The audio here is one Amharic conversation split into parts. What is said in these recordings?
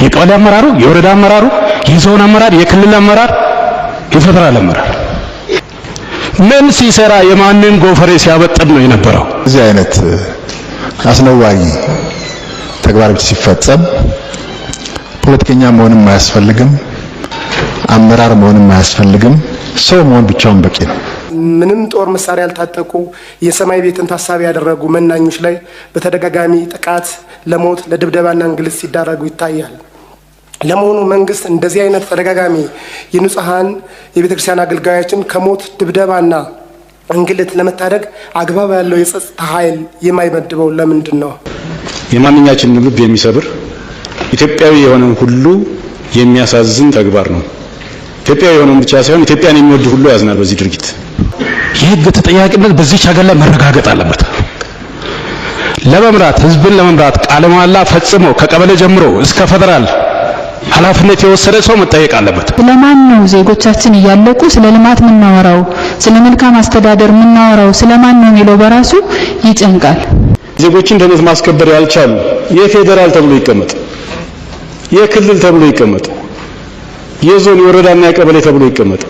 የቀበሌ አመራሩ፣ የወረዳ አመራሩ፣ የዞን አመራር፣ የክልል አመራር፣ የፌደራል አመራር ምን ሲሰራ የማንን ጎፈሬ ሲያበጥር ነው የነበረው? እዚህ አይነት አስነዋሪ ተግባር ሲፈጸም ፖለቲከኛ መሆንም አያስፈልግም፣ አመራር መሆንም አያስፈልግም። ሰው መሆን ብቻውን በቂ ነው። ምንም ጦር መሳሪያ ያልታጠቁ የሰማይ ቤትን ታሳቢ ያደረጉ መናኞች ላይ በተደጋጋሚ ጥቃት ለሞት ለድብደባና እንግልት ሲዳረጉ ይታያል። ለመሆኑ መንግስት እንደዚህ አይነት ተደጋጋሚ የንጹሐን የቤተ ክርስቲያን አገልጋዮችን ከሞት ድብደባና እንግልት ለመታደግ አግባብ ያለው የጸጥታ ኃይል የማይመድበው ለምንድን ነው? የማንኛችንን ልብ የሚሰብር ኢትዮጵያዊ የሆነን ሁሉ የሚያሳዝን ተግባር ነው። ኢትዮጵያዊ የሆነውን ብቻ ሳይሆን ኢትዮጵያን የሚወድ ሁሉ ያዝናል በዚህ ድርጊት። የህግ ተጠያቂነት በዚች ሀገር ላይ መረጋገጥ አለበት። ለመምራት ህዝብን ለመምራት ቃለ መሃላ ፈጽሞ ከቀበሌ ጀምሮ እስከ ፌደራል ኃላፊነት የወሰደ ሰው መጠየቅ አለበት። ስለማን ነው ዜጎቻችን እያለቁ ስለ ልማት የምናወራው? ስለ መልካም አስተዳደር የምናወራው ስለማን ነው የሚለው በራሱ ይጨንቃል። ዜጎችን ደህንነት ማስከበር ያልቻሉ የፌዴራል ተብሎ ይቀመጥ፣ የክልል ተብሎ ይቀመጥ፣ የዞን የወረዳና የቀበሌ ተብሎ ይቀመጥ።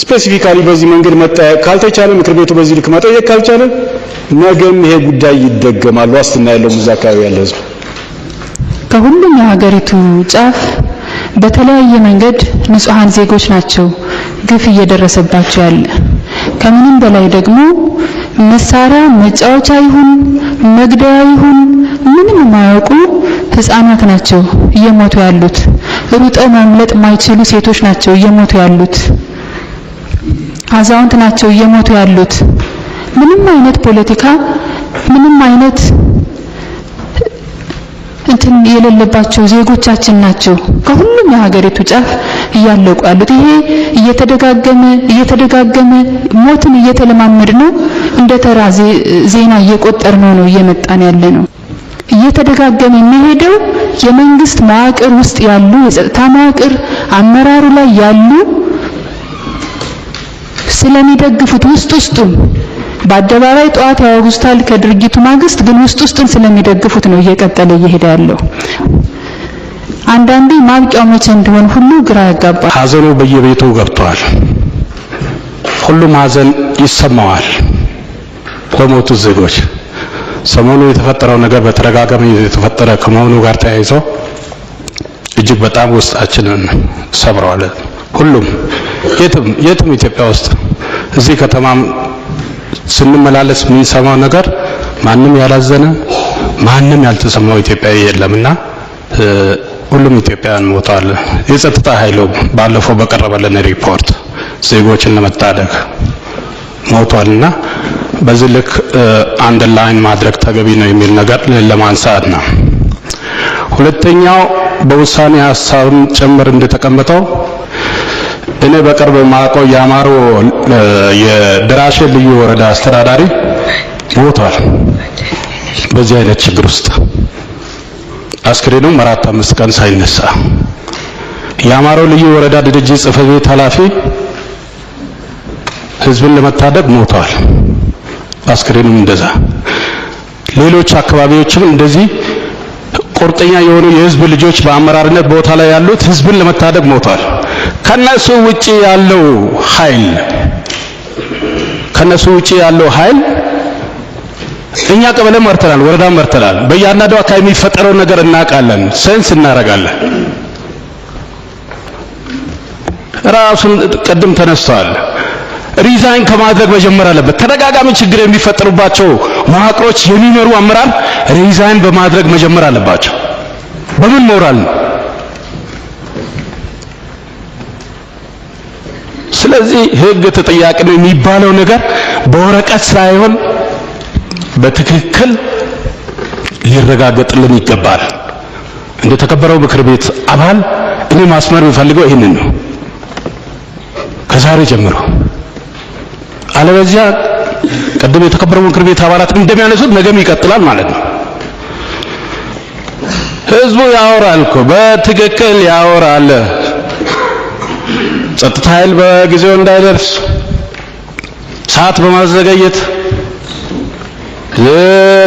ስፔሲፊካሊ በዚህ መንገድ መጠየቅ ካልተቻለ ምክር ቤቱ በዚህ ልክ መጠየቅ ካልቻለ ነገም ይሄ ጉዳይ ይደገማል። ዋስትና ያለው እዛ አካባቢ ያለ ህዝብ ከሁሉም የሀገሪቱ ጫፍ በተለያየ መንገድ ንጹሐን ዜጎች ናቸው ግፍ እየደረሰባቸው ያለ። ከምንም በላይ ደግሞ መሳሪያ መጫወቻ ይሁን መግደያ ይሁን ምንም የማያውቁ ህፃናት ናቸው እየሞቱ ያሉት። ሩጠው ማምለጥ ማይችሉ ሴቶች ናቸው እየሞቱ ያሉት። አዛውንት ናቸው እየሞቱ ያሉት። ምንም አይነት ፖለቲካ ምንም አይነት እንትን የሌለባቸው ዜጎቻችን ናቸው ከሁሉም የሀገሪቱ ጫፍ እያለቁ ያሉት። ይሄ እየተደጋገመ እየተደጋገመ ሞትን እየተለማመድ ነው፣ እንደ ተራ ዜና እየቆጠር ነው ነው እየመጣን ያለ ነው። እየተደጋገመ የሚሄደው የመንግስት መዋቅር ውስጥ ያሉ የጸጥታ መዋቅር አመራሩ ላይ ያሉ ስለሚደግፉት ውስጥ ውስጡን በአደባባይ ጠዋት ያወግዙታል። ከድርጊቱ ማግስት ግን ውስጥ ውስጡን ስለሚደግፉት ነው እየቀጠለ እየሄደ ያለው። አንዳንዴ ማብቂያው መቼ እንደሆን ሁሉ ግራ ያጋባል። ሀዘኑ በየቤቱ ገብቷል። ሁሉም ሀዘን ይሰማዋል። ለሞቱ ዜጎች ሰሞኑ የተፈጠረው ነገር በተደጋጋሚ የተፈጠረ ከመሆኑ ጋር ተያይዞ እጅግ በጣም ውስጣችንን ሰብረዋል ሁሉም የትም የትም ኢትዮጵያ ውስጥ እዚህ ከተማም ስንመላለስ የምንሰማው ነገር ማንም ያላዘነ ማንም ያልተሰማው ኢትዮጵያዊ የለምና ሁሉም ኢትዮጵያውያን ሞተዋል። የጸጥታ ኃይሉ ባለፈው በቀረበልን ሪፖርት ዜጎችን ለመታደግ ሞቷልና በዚህ ልክ አንድ ላይን ማድረግ ተገቢ ነው የሚል ነገር ለማንሳት ነው። ሁለተኛው በውሳኔ ሀሳብም ጭምር እንደተቀመጠው እኔ በቅርብ የማውቀው የአማሮ የደራሼ ልዩ ወረዳ አስተዳዳሪ ሞቷል። በዚህ አይነት ችግር ውስጥ አስክሬኑም አራት አምስት ቀን ሳይነሳ የአማሮ ልዩ ወረዳ ድርጅት ጽሕፈት ቤት ኃላፊ ህዝብን ለመታደግ ሞተዋል። አስክሬኑም እንደዛ ሌሎች አካባቢዎችም እንደዚህ ቁርጠኛ የሆኑ የህዝብ ልጆች በአመራርነት ቦታ ላይ ያሉት ህዝብን ለመታደግ ሞተዋል። ከነሱ ውጪ ያለው ኃይል ከነሱ ውጪ ያለው ኃይል እኛ ቀበሌም መርተናል፣ ወረዳም መርተናል። በእያንዳንዱ አካባቢ የሚፈጠረው ነገር እናውቃለን፣ ሴንስ እናደርጋለን። ራሱን ቅድም ተነስተዋል። ሪዛይን ከማድረግ መጀመር አለበት። ተደጋጋሚ ችግር የሚፈጠሩባቸው መዋቅሮች የሚመሩ አመራር ሪዛይን በማድረግ መጀመር አለባቸው። በምን ሞራል ነው? ስለዚህ ህግ ተጠያቂ ነው የሚባለው ነገር በወረቀት ሳይሆን በትክክል ሊረጋገጥልን ይገባል። እንደ ተከበረው ምክር ቤት አባል እኔ ማስመር የምፈልገው ይህንን ነው፣ ከዛሬ ጀምሮ። አለበዚያ ቀደም የተከበረው ምክር ቤት አባላት እንደሚያነሱት ነገም ይቀጥላል ማለት ነው። ህዝቡ ያወራል እኮ በትክክል ያወራል። ጸጥታ ኃይል በጊዜው እንዳይደርስ ሰዓት በማዘገየት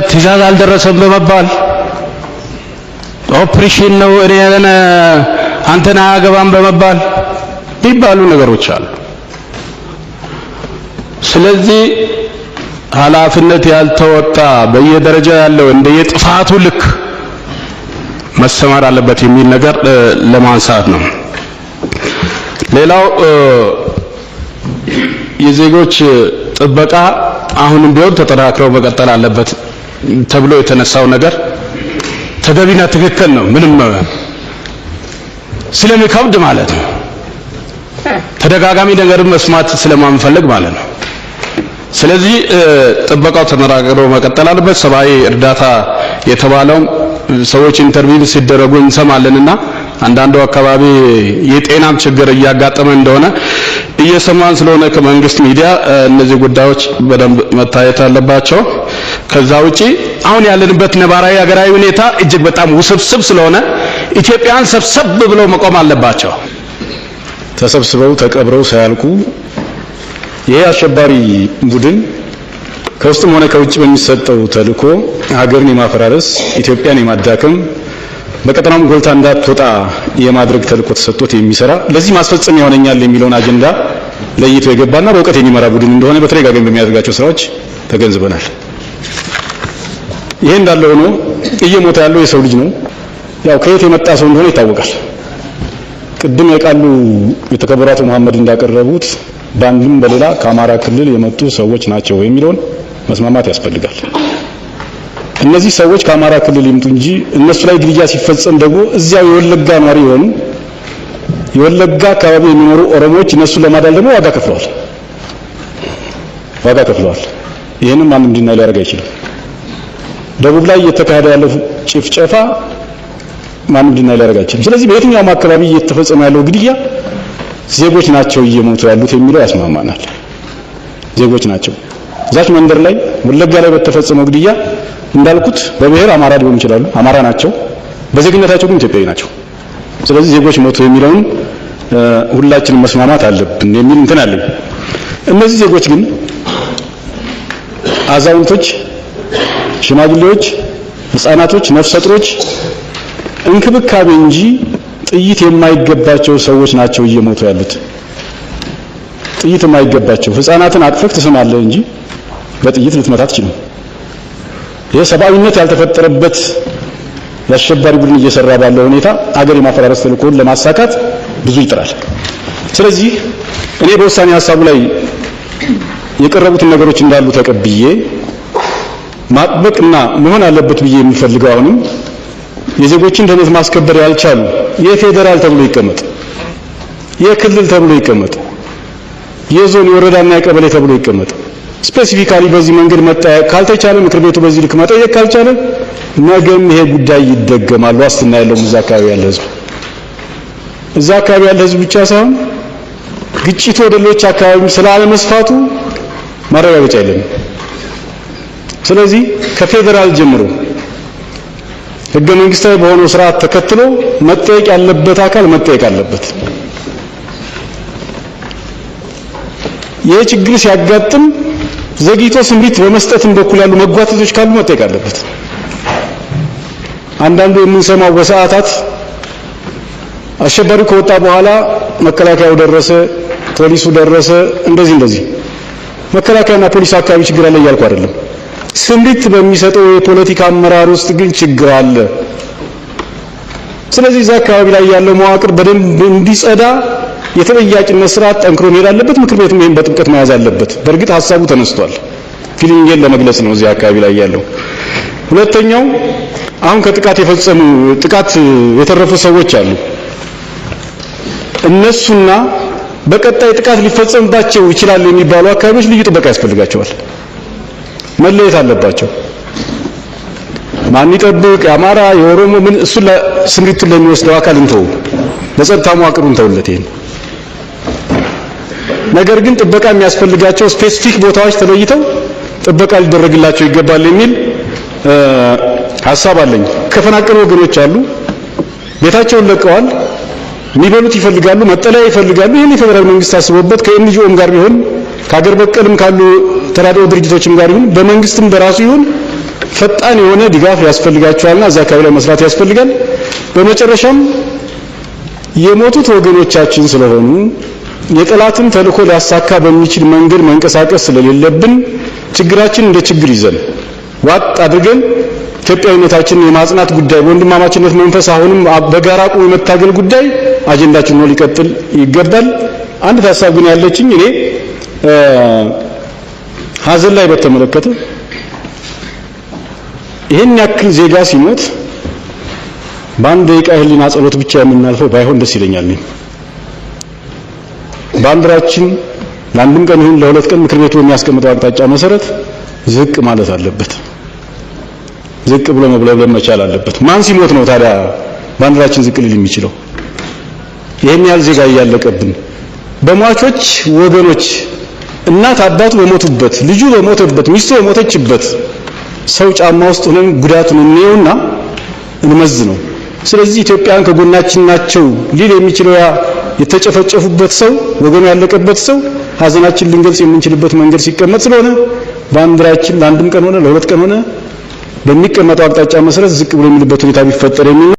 ትእዛዝ አልደረሰም በመባል ኦፕሬሽን ነው እኔ ያለነ አንተን አያገባም በመባል የሚባሉ ነገሮች አሉ። ስለዚህ ኃላፊነት ያልተወጣ በየደረጃ ያለው እንደየጥፋቱ ልክ መሰማር አለበት የሚል ነገር ለማንሳት ነው። ሌላው የዜጎች ጥበቃ አሁንም ቢሆን ተጠናክረው መቀጠል አለበት ተብሎ የተነሳው ነገር ተገቢና ትክክል ነው። ምንም ስለሚከብድ ማለት ነው። ተደጋጋሚ ነገር መስማት ስለማንፈልግ ማለት ነው። ስለዚህ ጥበቃው ተጠናክሮ መቀጠል አለበት። ሰብአዊ እርዳታ የተባለውም ሰዎች ኢንተርቪው ሲደረጉ እንሰማለንና አንዳንዱ አካባቢ የጤናም ችግር እያጋጠመ እንደሆነ እየሰማን ስለሆነ ከመንግስት ሚዲያ እነዚህ ጉዳዮች በደንብ መታየት አለባቸው። ከዛ ውጪ አሁን ያለንበት ነባራዊ ሀገራዊ ሁኔታ እጅግ በጣም ውስብስብ ስለሆነ ኢትዮጵያን ሰብሰብ ብለው መቆም አለባቸው። ተሰብስበው ተቀብረው ሳያልቁ ይሄ አሸባሪ ቡድን ከውስጥም ሆነ ከውጭ በሚሰጠው ተልእኮ ሀገርን የማፈራረስ ኢትዮጵያን የማዳከም በቀጠናውም ጎልታ እንዳትወጣ የማድረግ ተልእኮ ተሰጥቶት የሚሰራ ለዚህ ማስፈጸም ይሆነኛል የሚለውን አጀንዳ ለይቶ የገባና በእውቀት የሚመራ ቡድን እንደሆነ በተደጋጋሚ በሚያደርጋቸው ስራዎች ተገንዝበናል። ይሄ እንዳለ ሆኖ እየሞተ ያለው የሰው ልጅ ነው። ያው ከየት የመጣ ሰው እንደሆነ ይታወቃል። ቅድም የቃሉ የተከበሩ አቶ መሐመድ እንዳቀረቡት በአንድም በሌላ ከአማራ ክልል የመጡ ሰዎች ናቸው የሚለውን መስማማት ያስፈልጋል። እነዚህ ሰዎች ከአማራ ክልል ይምጡ እንጂ እነሱ ላይ ግድያ ሲፈጸም ደግሞ እዚያው የወለጋ ኗሪ የሆኑ የወለጋ አካባቢ የሚኖሩ ኦሮሞዎች እነሱን ለማዳል ደግሞ ዋጋ ከፍለዋል፣ ዋጋ ከፍለዋል። ይህንም ማንም እንዲና ሊያደርግ አይችልም። ደቡብ ላይ እየተካሄደ ያለው ጭፍጨፋ ማንም እንዲና ሊያደርግ አይችልም። ስለዚህ በየትኛውም አካባቢ እየተፈጸመ ያለው ግድያ ዜጎች ናቸው እየሞቱ ያሉት የሚለው ያስማማናል። ዜጎች ናቸው። እዛች መንደር ላይ ወለጋ ላይ በተፈጸመው ግድያ እንዳልኩት በብሔር አማራ ሊሆኑ ይችላሉ፣ አማራ ናቸው። በዜግነታቸው ግን ኢትዮጵያዊ ናቸው። ስለዚህ ዜጎች ሞቱ የሚለውን ሁላችንም መስማማት አለብን የሚል እንትን አለኝ። እነዚህ ዜጎች ግን አዛውንቶች፣ ሽማግሌዎች፣ ህፃናቶች፣ ነፍሰ እንክብካቤ እንጂ ጥይት የማይገባቸው ሰዎች ናቸው እየሞቱ ያሉት። ጥይት የማይገባቸው ህፃናትን አቅፈህ ትስማለህ እንጂ በጥይት ልትመታ ትችልም። ይህ ሰብአዊነት ያልተፈጠረበት የአሸባሪ ቡድን እየሰራ ባለው ሁኔታ አገር የማፈራረስ ተልእኮውን ለማሳካት ብዙ ይጥራል። ስለዚህ እኔ በውሳኔ ሀሳቡ ላይ የቀረቡትን ነገሮች እንዳሉ ተቀብዬ ማጥበቅና መሆን አለበት ብዬ የሚፈልገው አሁንም የዜጎችን ደህንነት ማስከበር ያልቻሉ የፌዴራል ተብሎ ይቀመጥ፣ የክልል ተብሎ ይቀመጥ፣ የዞን የወረዳና የቀበሌ ተብሎ ይቀመጥ ስፔሲፊካሊ በዚህ መንገድ መጠየቅ ካልተቻለ ምክር ቤቱ በዚህ ልክ መጠየቅ ካልቻለ ነገም ይሄ ጉዳይ ይደገማል። ዋስትና ያለው እዛ አካባቢ ያለ ህዝብ እዛ አካባቢ ያለ ህዝብ ብቻ ሳይሆን ግጭቱ ወደ ሌሎች አካባቢም ስላለመስፋቱ ማረጋገጫ የለም። ስለዚህ ከፌዴራል ጀምሮ ህገ መንግስታዊ በሆነው ስርዓት ተከትሎ መጠየቅ ያለበት አካል መጠየቅ አለበት። ይህ ችግር ሲያጋጥም ዘግይቶ ስምሪት በመስጠትም በኩል ያሉ መጓተቶች ካሉ መጠየቅ አለበት። አንዳንዱ የምንሰማው በሰዓታት አሸባሪው ከወጣ በኋላ መከላከያው ደረሰ፣ ፖሊሱ ደረሰ፣ እንደዚህ እንደዚህ። መከላከያና ፖሊሱ አካባቢ ችግር አለ እያልኩ አይደለም። ስምሪት በሚሰጠው የፖለቲካ አመራር ውስጥ ግን ችግር አለ። ስለዚህ እዛ አካባቢ ላይ ያለው መዋቅር በደንብ እንዲጸዳ የተጠያቂነት ስርዓት ጠንክሮ መሄድ አለበት። ምክር ቤቱም ይህን በጥብቀት መያዝ አለበት። በእርግጥ ሀሳቡ ተነስቷል። ፊሊንጌን ለመግለጽ ነው እዚህ አካባቢ ላይ ያለው። ሁለተኛው አሁን ከጥቃት የፈጸሙ ጥቃት የተረፉ ሰዎች አሉ። እነሱና በቀጣይ ጥቃት ሊፈጸምባቸው ይችላሉ የሚባሉ አካባቢዎች ልዩ ጥበቃ ያስፈልጋቸዋል። መለየት አለባቸው። ማን ይጠብቅ? የአማራ የኦሮሞ ምን? እሱን ስምሪቱን ለሚወስደው አካል እንተው፣ ለጸጥታ መዋቅሩ እንተውለት ይሄን ነገር ግን ጥበቃ የሚያስፈልጋቸው ስፔሲፊክ ቦታዎች ተለይተው ጥበቃ ሊደረግላቸው ይገባል የሚል ሀሳብ አለኝ። ከፈናቀሉ ወገኖች አሉ። ቤታቸውን ለቀዋል። የሚበሉት ይፈልጋሉ፣ መጠለያ ይፈልጋሉ። ይህን የፌዴራል መንግስት አስቦበት ከኤንጂኦም ጋር ቢሆን ከሀገር በቀልም ካሉ ተራድኦ ድርጅቶችም ጋር ይሁን በመንግስትም በራሱ ይሁን ፈጣን የሆነ ድጋፍ ያስፈልጋቸዋልና እዛ አካባቢ ላይ መስራት ያስፈልጋል። በመጨረሻም የሞቱት ወገኖቻችን ስለሆኑ የጠላትን ተልእኮ ሊያሳካ በሚችል መንገድ መንቀሳቀስ ስለሌለብን ችግራችን እንደ ችግር ይዘን ዋጥ አድርገን ኢትዮጵያዊነታችንን የማጽናት ጉዳይ በወንድማማችነት መንፈስ አሁንም በጋራ ቁ የመታገል ጉዳይ አጀንዳችን ሆኖ ሊቀጥል ይገባል። አንድ ሀሳብ ግን ያለችኝ እኔ ሀዘን ላይ በተመለከተ ይህን ያክል ዜጋ ሲሞት በአንድ ደቂቃ የህሊና ጸሎት ብቻ የምናልፈው ባይሆን ደስ ይለኛል። ባንዲራችን ለአንድም ቀን ይሁን ለሁለት ቀን ምክር ቤቱ የሚያስቀምጠው አቅጣጫ መሰረት ዝቅ ማለት አለበት። ዝቅ ብሎ መብለብለም መቻል አለበት። ማን ሲሞት ነው ታዲያ ባንዲራችን ዝቅ ሊል የሚችለው? ይህን ያህል ዜጋ እያለቀብን በሟቾች ወገኖች እናት አባቱ በሞቱበት ልጁ በሞተበት ሚስቱ በሞተችበት ሰው ጫማ ውስጥ ሆነን ጉዳቱን እንየውና እንመዝ ነው። ስለዚህ ኢትዮጵያን ከጎናችን ናቸው ሊል የሚችለው ያ የተጨፈጨፉበት ሰው ወገኑ ያለቀበት ሰው ሀዘናችን ልንገልጽ የምንችልበት መንገድ ሲቀመጥ ስለሆነ ባንዲራችን ለአንድም ቀን ሆነ ለሁለት ቀን ሆነ በሚቀመጠው አቅጣጫ መሰረት ዝቅ ብሎ የሚልበት ሁኔታ ቢፈጠር የሚል